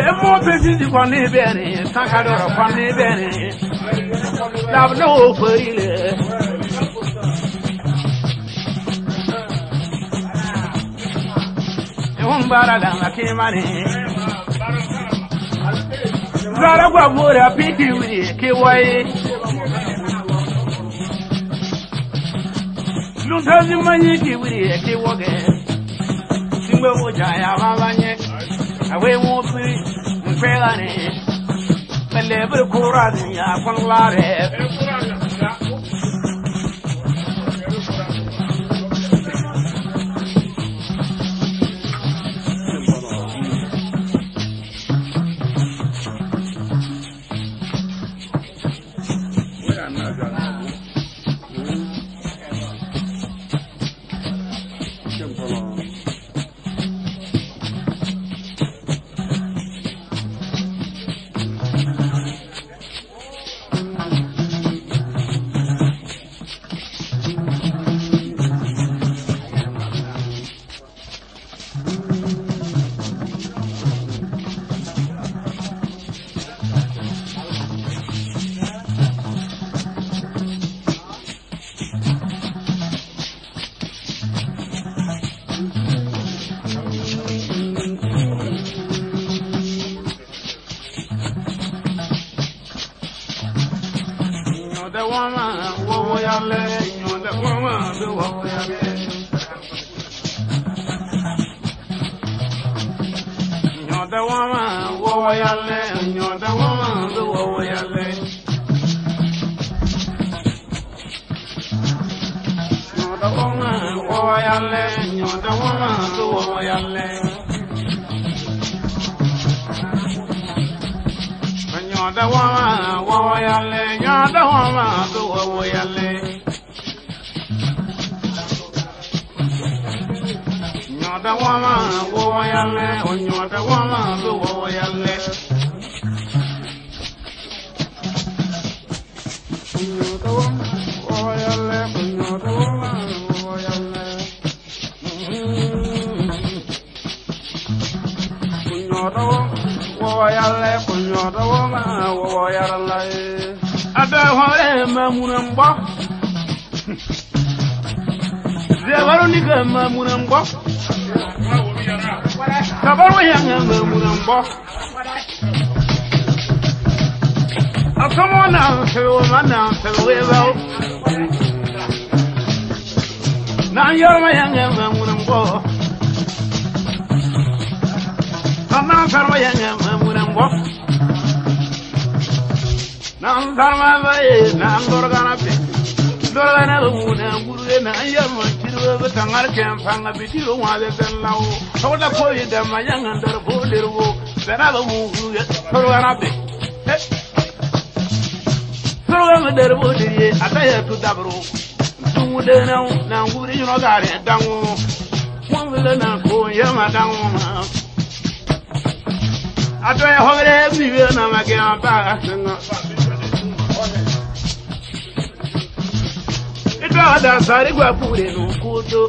ebe obezi dịkwa n'ebere ni n'ebere dabụna okwe ile ihun bara da maki mani zara gwamora pidi wuri kewaye luntazi manyi ki wuri kewoge singbe Moja ya babanye awai wofi mfegani balebir kurazi ya kwan lare nyada wama wawa yalle nyada wama do wawo yalle nyada wama wawa yalle o nyada wama do wawo yalle nyada wama wawa yalle o nyada wama wawa yalle nyada wama wawa yalle nyɔɔda wo ma wɔwɔ yɛrɛ la ye a bɛ hɔrɛ ma munan bɔ zɛbaru ni ka ma munan bɔ kabaru yɛn ka ma munan bɔ a sɔmɔ na fɛ o ma na fɛ o ye ba o n'an yɔrɔ ma yɛn ka ma munan bɔ. Come on, fellow, yeah, yeah, nan farma baye nan dorgana be dorgana be mu na gurure nan yarma kirwe be tangar kem fanga be wa be ben lawo tawda ko yi da mayan andar ko lirwo bena be mu gurure dorgana be dorgana der bo ataya tu dabro tungu de nan nan gurure yuno gare dango mon le nan ko yama dango ma atoya hogre mi be na ma ke ma Ebrada zarigwa bure n'ukudo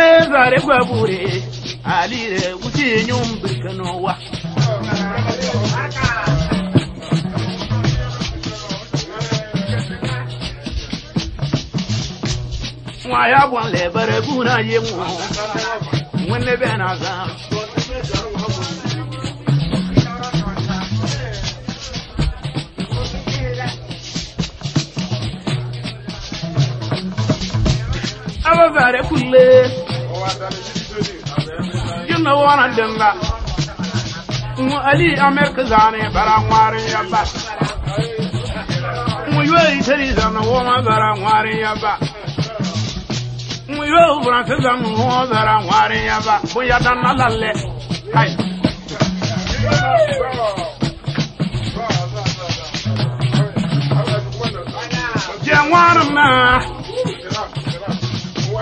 Ezaregwa bure alire kuti nyumbika n'ụwa nwa ya gbanlebere buru anyị nwụrụ nwanne be na ababare kulle jinna wana dinga mu ali amerika zane bara ngwari ya ba mu yoyi tari zana woma bara ngwari ya ba mu yoyi france zana woma bara ngwari ya ba bun ya dan na lalle kai Yeah, one of my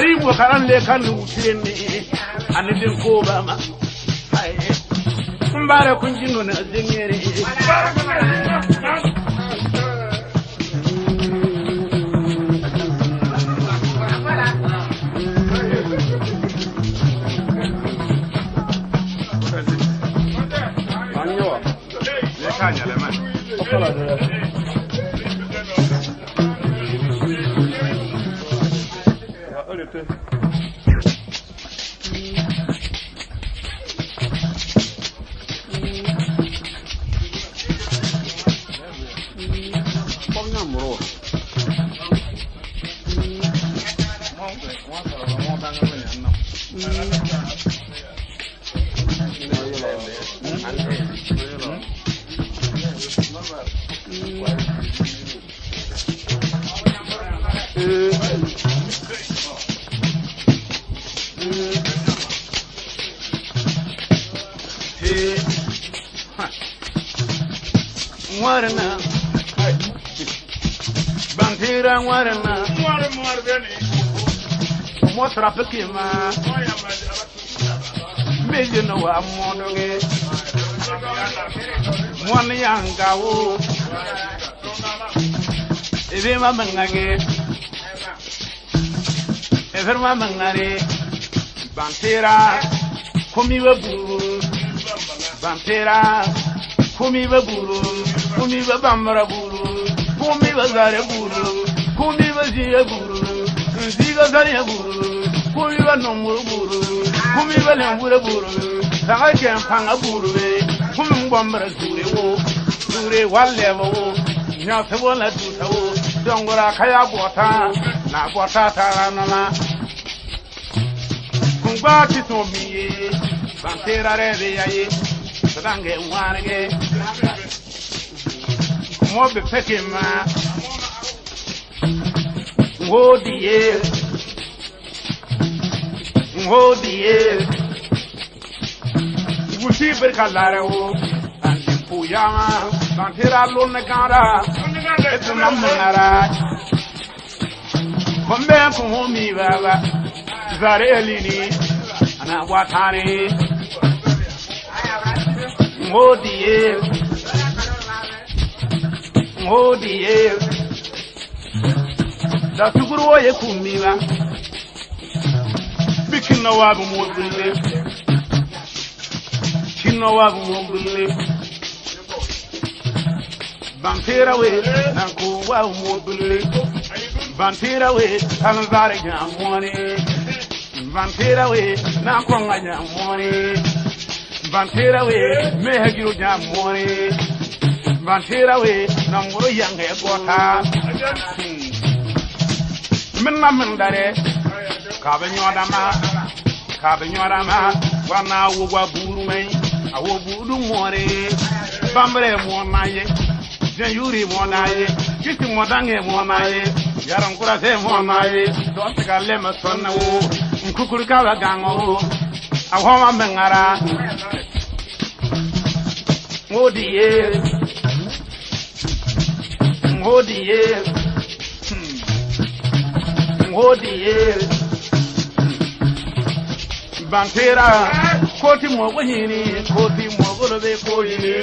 karibu karan le kan wutirenne ani din ko ba ma kun bare kun jin na zingere Thank bitte. Thank you. ran warin na warin warin ne mo trafiki ma meje no wa mo no ge mo ni anga wo ebe ma mangange ebe ma mangare bantera komi we buru bantera komi we buru komi we bambara buru komi we zare buru kumbi basi ya buru siga kari ya buru kumbi ba nomuru buru ba lembure buru panga buru be ngwambara wo na tuta wo dongora kaya bota na bota tara nana kungba kitombi ye bantera rebe ya ye sadange peke hold the air. Hold the air. Wusi berka lare wo, andi puyama, santira lo negara, etuna mengara. Kombe kuhumi zare elini, ana watani. Hold the air. Hold da suguru wo ye kummiwa bi kinno waagu mo bulle kinno waagu mo bulle bantera we nan ko waagu mo bulle bantera we tan zare jam moni bantera we na ko nga jam moni bantera we me hagiru jam moni bantera we na woro yanga e min na min dare ka bi nyɔda ma ka bi nyɔda ma wa na wo buuru mai a wo buuru mɔre bambere mɔ na ye zɛn yuri mɔ na ye kisi mɔdange mɔ na ye yaran kurase mɔ na ye dɔ tiga lɛmɛ sɔn na wo nkukuri ka bɛ gaŋ o a ma mɛ ŋara ŋo di ye ŋo di ye. ngodiye bantera koti mogo hini koti mogolo be koyini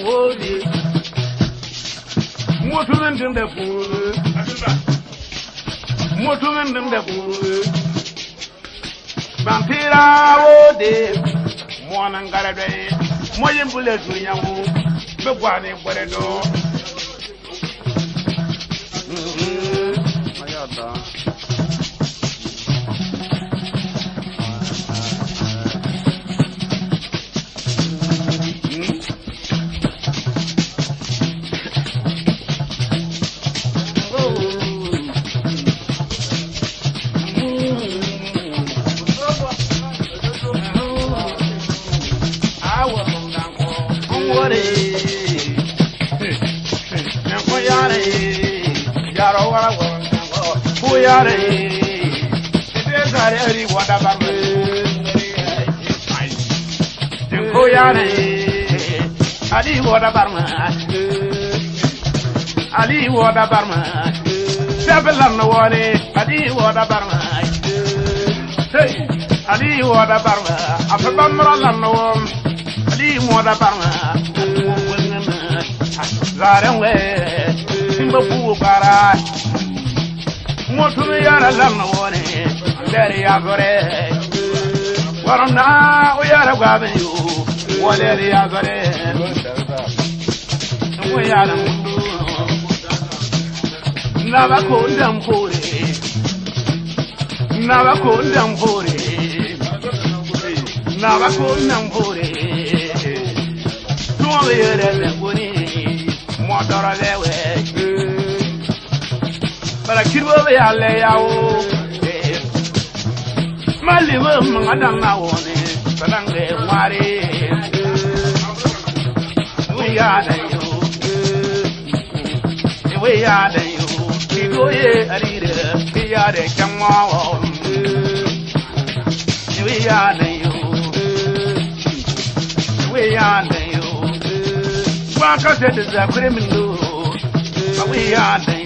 ngodi motumen dim de furu motumen dim de furu bantera wode mwana ngara de moyembule dunyangu be bwane bore do 啊。buyare ite zareri wada barbe buyare ali wada barma ali wada barma sabelan wone ali wada barma hey ali wada barma afa bamralan wom ali wada barma zaren we simba bu bara mutum yara lamna wone leri ya gore warna u yara gwabe yo waleri leri ya gore yara mundu na ba ko ndam na ba ko ndam na ba ko ndam fore tuwa yara le gori mo dora bara kirbo be yalle yawo mali ma manga danga wone banange ware we ya da yo we ya da yo kigo ye arire we ya de kamwa wo we ya da yo we ya da yo wa ka se de zakure min we ya da yo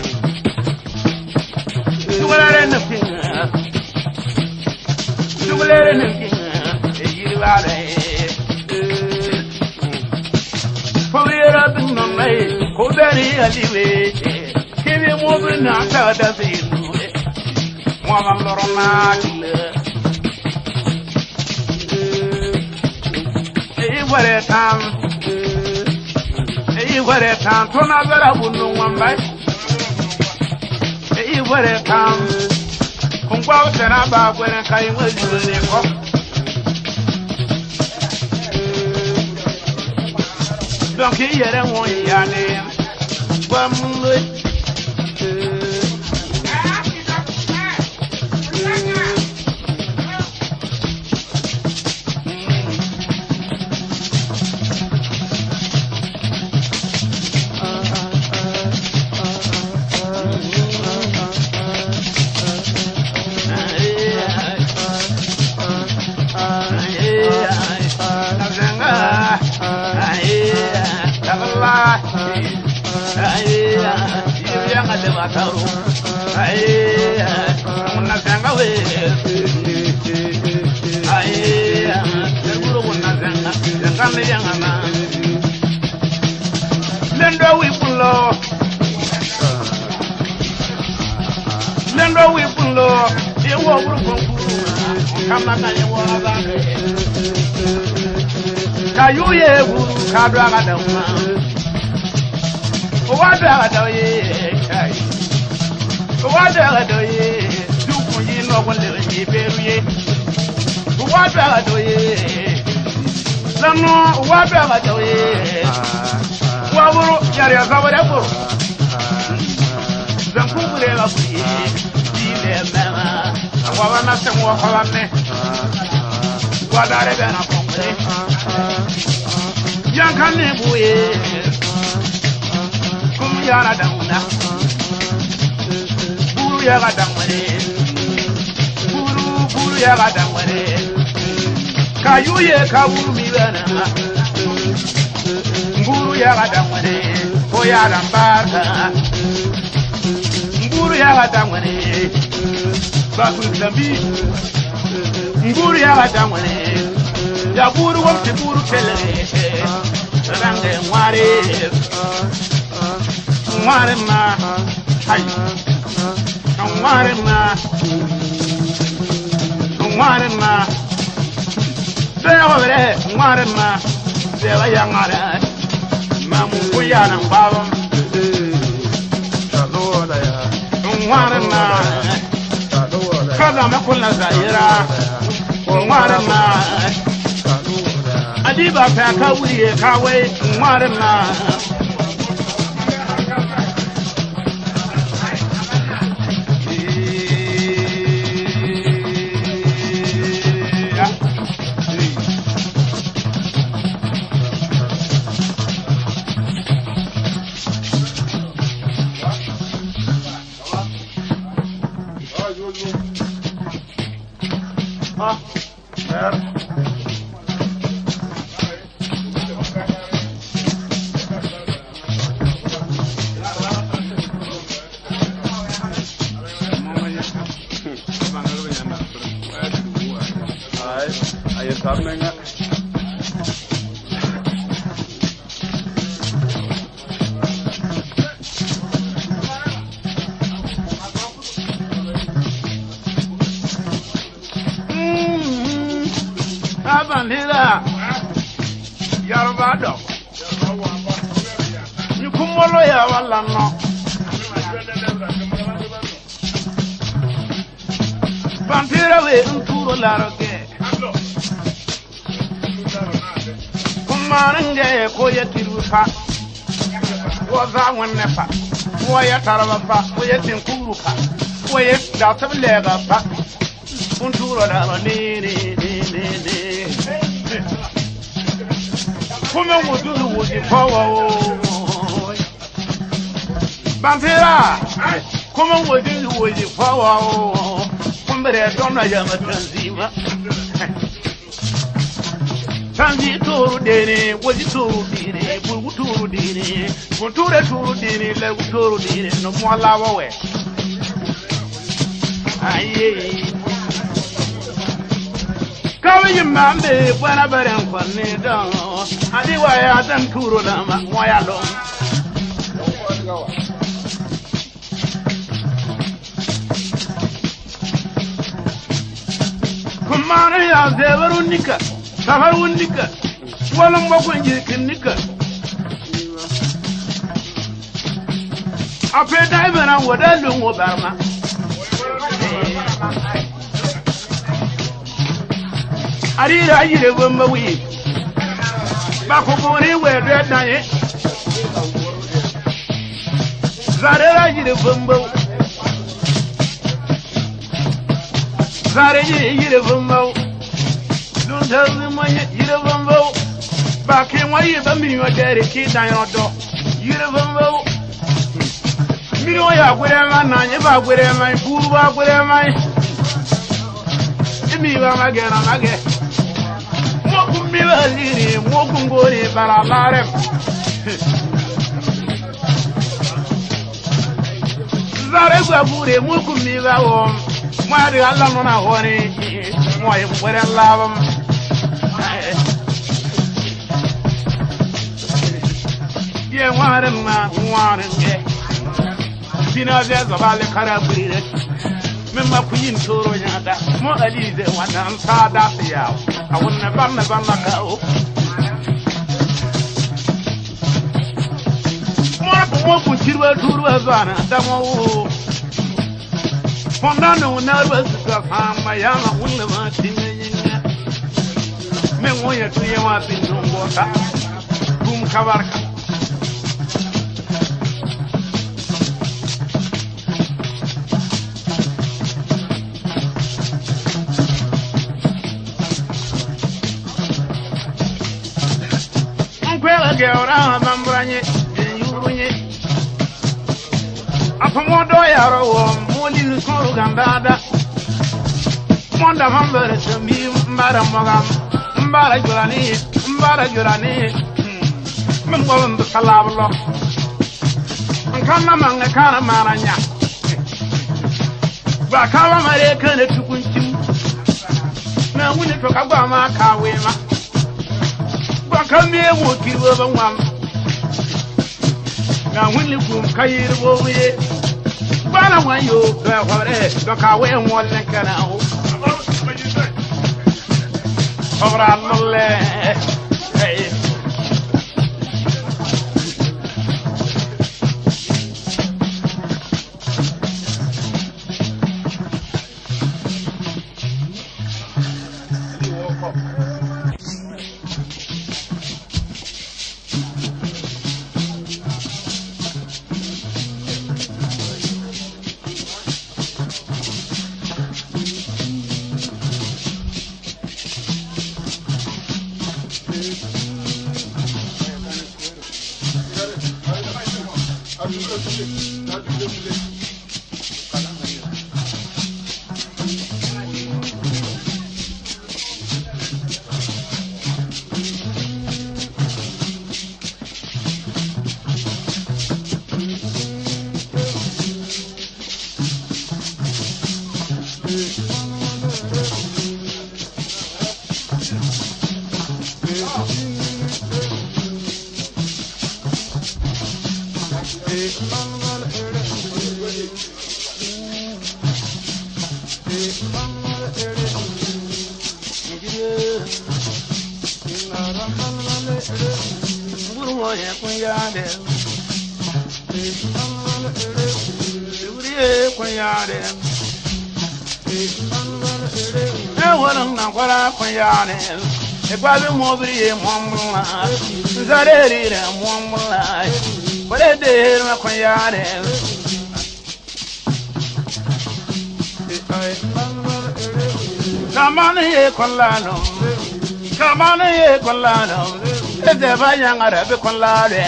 lere ne yiri wale fulu yera bin non mai ko dari aliwe kebe mo bin na ta ngwa ụtara aba kwere ka anyị nwezuo n'ịkọ dọka iyere nwa ya n'ịya gwa taru ai wonna sanga we ai terbulo wonna sanga sanga me yanga na lendo wi pulo lendo wi pulo ye wo wuro konkuru kamna ka ye wo aba kayu ye wuru kadwa ka dawma o wa dwa ka daw ye kai wadara doye dukun yi nɔgun lere yi beru ye wadara doye sanu wadara doye waburu yariya zabare buru zanku bule ka buru ye diile mɛma awaba na sɛŋ wa kɔba mɛ wadare bɛ na kɔnkure yankan ne b'u ye kum yara danguna guru ya ga dangwale guru guru ya ga dangwale ka yuye ka wuru mi bana guru ya ga dangwale ko ya lambarka guru ya ga dangwale ba ku tambi guru ya ga dangwale ya guru wa ti guru tele range ngware ngware ma hai Don't want it now. Don't want it now. There over there, want it now. There I am, want it. Mamu Kuyan and Baba. Don't want it now. Cause I'm a Kula Zaira. Don't want it now. Adiba Paka, we are Kawe, want it now. bandira Yorùbá dọ nkumolo ya wala nọ bandira we nturo laroge kumarin da ya koya tiru fa ko za wanne fa ko ya taraba fa ko ya tinkuru fa ko ya da tabbale ga fa kun turo da ne ne ne fúnmi wòdúrú wòdì fọwọ́ o. bàtírà kúmi wòdúrú wòdì fọwọ́ o. kúmbìrì dọ́nà yàmà tanzima. tanzi tuuru dini woji tuuru dini bulu tuuru dini buntuure tuuru dini legu tuuru dini numuwa lawa we. Aye. Come kaw yimman be bwana baren kwanne don adi waya dan kuro da ma waya don kumana ya zebar nika kamar nika walin bakon jirgin nika a fe daibaran wadalin wabarma arira yire wemba wi bakuguni wedwe naye zarera yire wemba zare yire wemba dundazi manye yire wemba baki mwayi bambini wadere ki dayo do yire wemba mbini oya gwere ma nanye ba gwere ma buru ba gwere ma imi e ba magera magera kummiba alini mugungoni bara larem zare gwabure mugummiba wo mwadi alla nona honi moye bore labam na min ma ku yin toro ya da mo ali de da wannan sada ta ya a wannan ban na ban ka o mo ra mo ku tirwa turwa bana da mo o fonda no na ba su ka fama ya ma wannan ma tinne yin min wo ya tuye wa bin don bota kum kabarka jewra ha bamburanye yugunye afomo do yaro wo moli ni koru gandada monda mambere sambi mbara mogam mbara jurani mbara jurani min hmm, golon do salablo kanna manga kana maranya ba kawa mare kana tukuncin na wuni to ma ka me wo ki wo ba wan na hun li kum ka yi wo ye ba na wan yo ka wa re do ka we won le kana o Obra no le. Ekwado mobili ye mwambula, nzareli re mwambula. Bore de ma kwa yane. Kamane ye Come on, ye kwalano. Ede ba yangara be kwalane.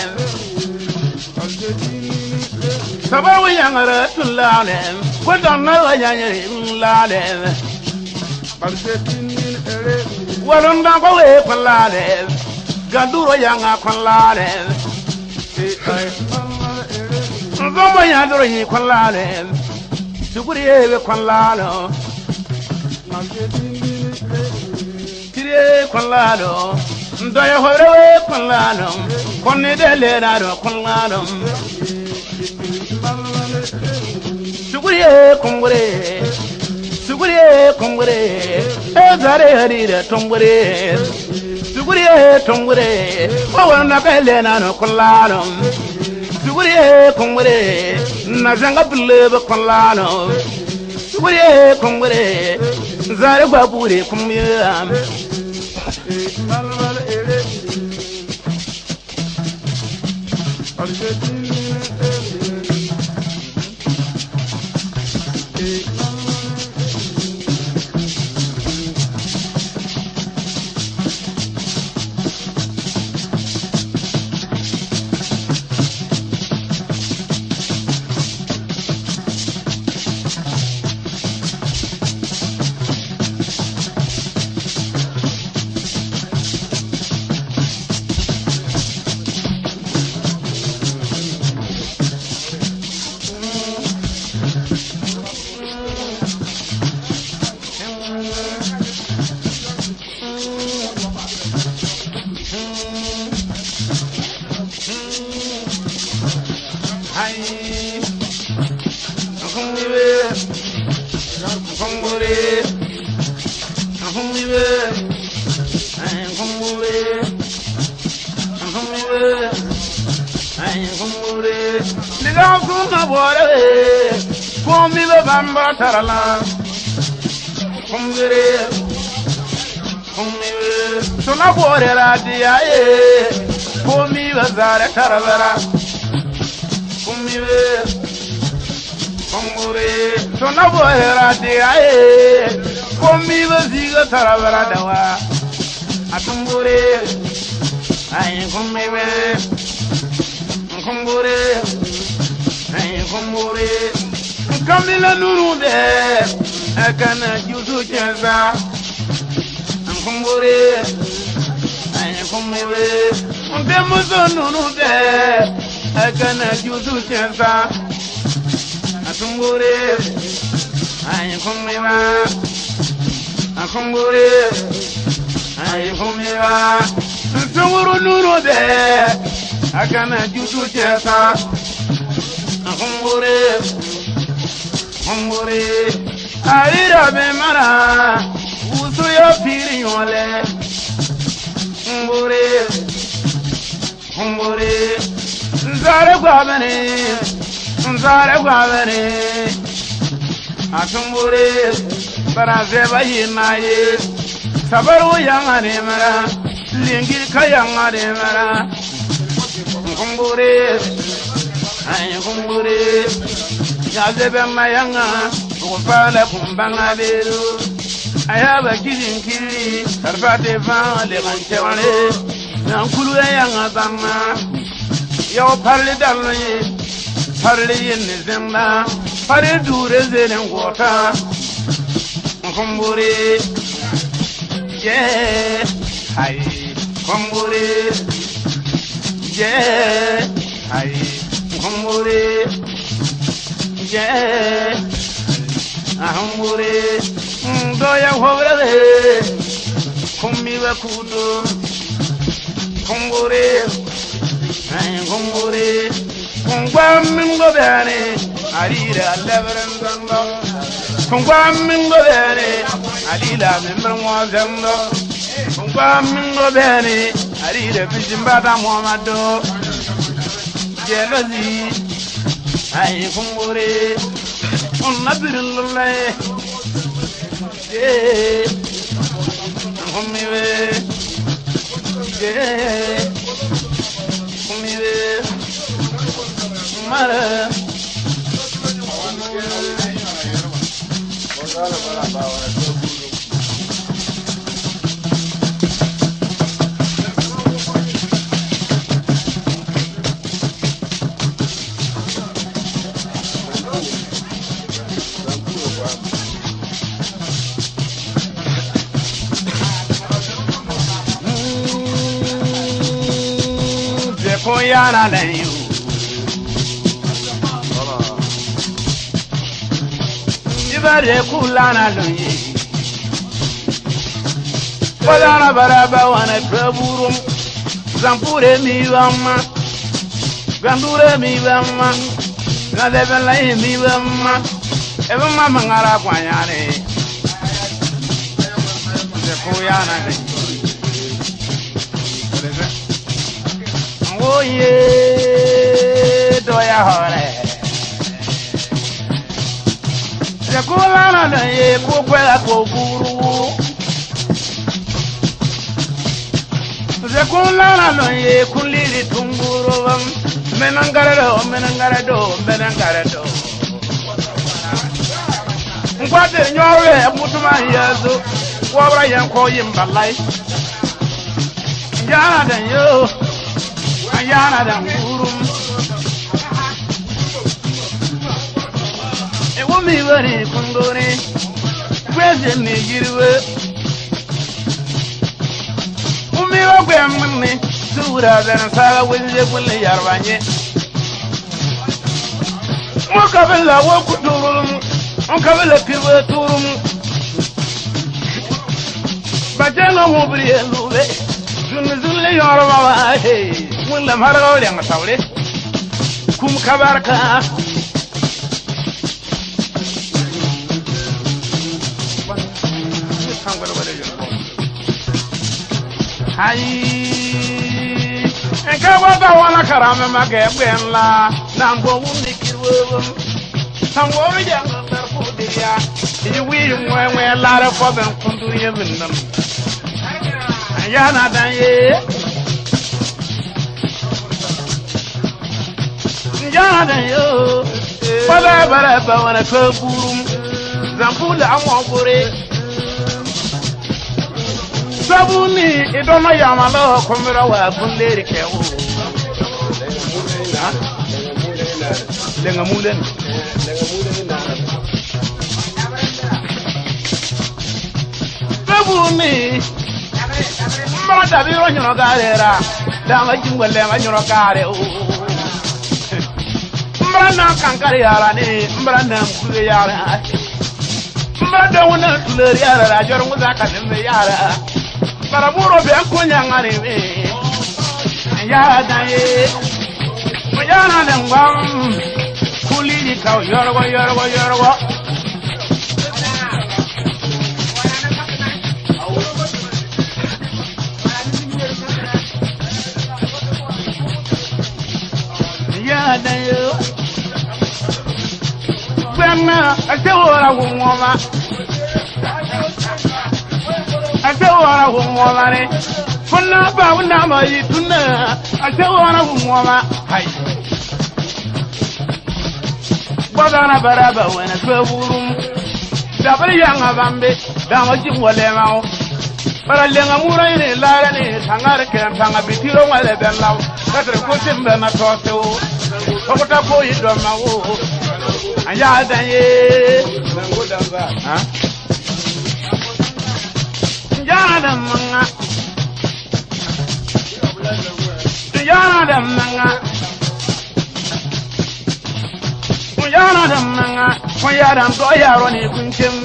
Sabawu yangara tulane. Kwadana wa yanyere mlane. Walunda kwa we kwalane. Ganduro yanga kwalane. Zomo ya doro yi kwallale, sukuri ewe kwallalo. Kire kwallalo, ndoye hore kwallalo, konni dele daro kwallalo. Sukuri ewe kongore, sukuri ewe kongore, ezare harira tongore. Suguriye tungure, wawa na bele na no kulano. Suguriye kungure, na zanga bule ba kulano. Suguriye kungure, zare babure kumya. Almal ele, almal Caroline Fungere Fungere Sono buore la dia e Come va zare Caroline Fungere Fungere Sono buore la dia e Come va ziga Caroline dawa Atungure Ai come va Fungere Ai fungere kamila nunu de akana e jusu chenza nkumbure ankumbure nde muso nunu de akana jusu chenza atumbure ankumbura ankumbure ankumbura ntunguru nunu de akana jusu chenza nkumbure ngore ayira be mara wusu yo piri wole ngore ngore nzare gwabene nzare gwabene atungore baraze bayinaye sabaru yangare mara lingir kayangare mara ngore ay ngore yaɣa ma yaŋa buɣu faala kumbaŋa beeru a yaaba kizin kiri karfaate fãa leman tɛgre nan kulga yaŋa bãmba yago parli dalni parli yinni zĩmba pari duure zeelen goota n kumburi yeah. Hai, kumburi yeah. Hai, kumburi jẹ ahumure ndoya hore kumbiwe kudu kungure kungure kungwamin gobeane arira lebaran zamba kungwamin gobeane arira membran wa zamba mingo gobeane arira bijimba da muhammadu jelozi ay kumbure onna birillullay ee kummiwe ee kummiwe mara Thank you. yàrá lẹ́yìn o. Ibẹ̀rẹ̀ kú lára lóye. Bọ́lára baraba wane pẹ́búrú. Zampure mi bá ma. Gandure mi bá ma. Gadebẹ̀lẹ̀ mi bá ma. Ebe ma mangara kwanyare. Ibẹ̀rẹ̀ kú yàrá lẹ́yìn. oye doya hore rekulana na ye ko kwela ko buru rekulana da ye kuliri tumburu menangarado menangarado menangarado nkwade nyore mutuma yezu wabra yanko yimbalai jana da yo yana da wurum ewu mi wani kungore gweze mi yirwe umi ogbe mmini zuwura zan sara wende kulle yarbanye mu kabila wo kudurum mu kabila pirwe turum bajana wo briye lule zunzun le yorba wa hey wanda farko da saure kum kabarka Ayi, nke gwada wani karami maka egbe nla na mgbe owu nikiruo na mgbe owu ya ngasar kudi ya iwu iri nwe nwe lara fọbe nkundu yebi nnem. Ya na dan jana yo bala bala ba wana ka burum zambula amwa gore sabuni idono yamalo komira wa kunderi kewo lenga mulen sabuni mbada biro nyoro garera dama jingwa lema nyoro gare o Mbara na kankari yara ne Mbara na kule yara mbra da wuna kule yara da jor muza ka din yara bara buro be ko nyangare we yara da ye mo yara da ngam kuli ni ka yorgo yorgo yorgo Yeah, I know na ete wora wo nwoma ete wora wo nwoma ne funna ba wuna ma yi tunna ete wora wo nwoma hai gbadana baraba wena twe wurum dabali yanga bambe dama jik walema o bara lenga mura ine lara ne sangar ken sanga bitiro wale ben law katre ko timbe na tose o ko ko yi do ma o an ya danye zango dan ba ha jana dan manga jana dan manga jana dan manga kun yaran to yaro ne kun kin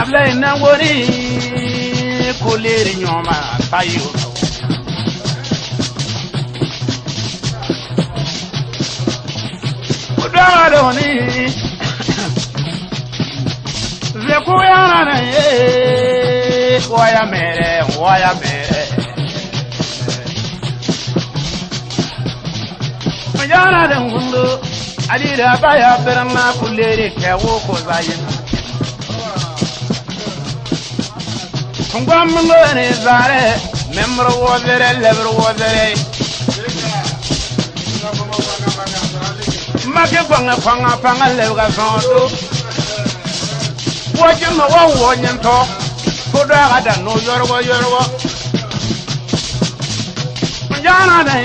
ablai nan wuri kulere nyoma yaro ni zeku yara na ye waya mere waya mere yara da hundo ali da baya firma kullere kewo ko zayin Tungwa mungo ne zare, memro wozere, lebro wozere, mage gwaŋa kwaŋa paŋa lebga zõodo wa gyema wa wo nyen tɔ ko dɔaga da no yɔrgɔ yɔrgɔ n yaana da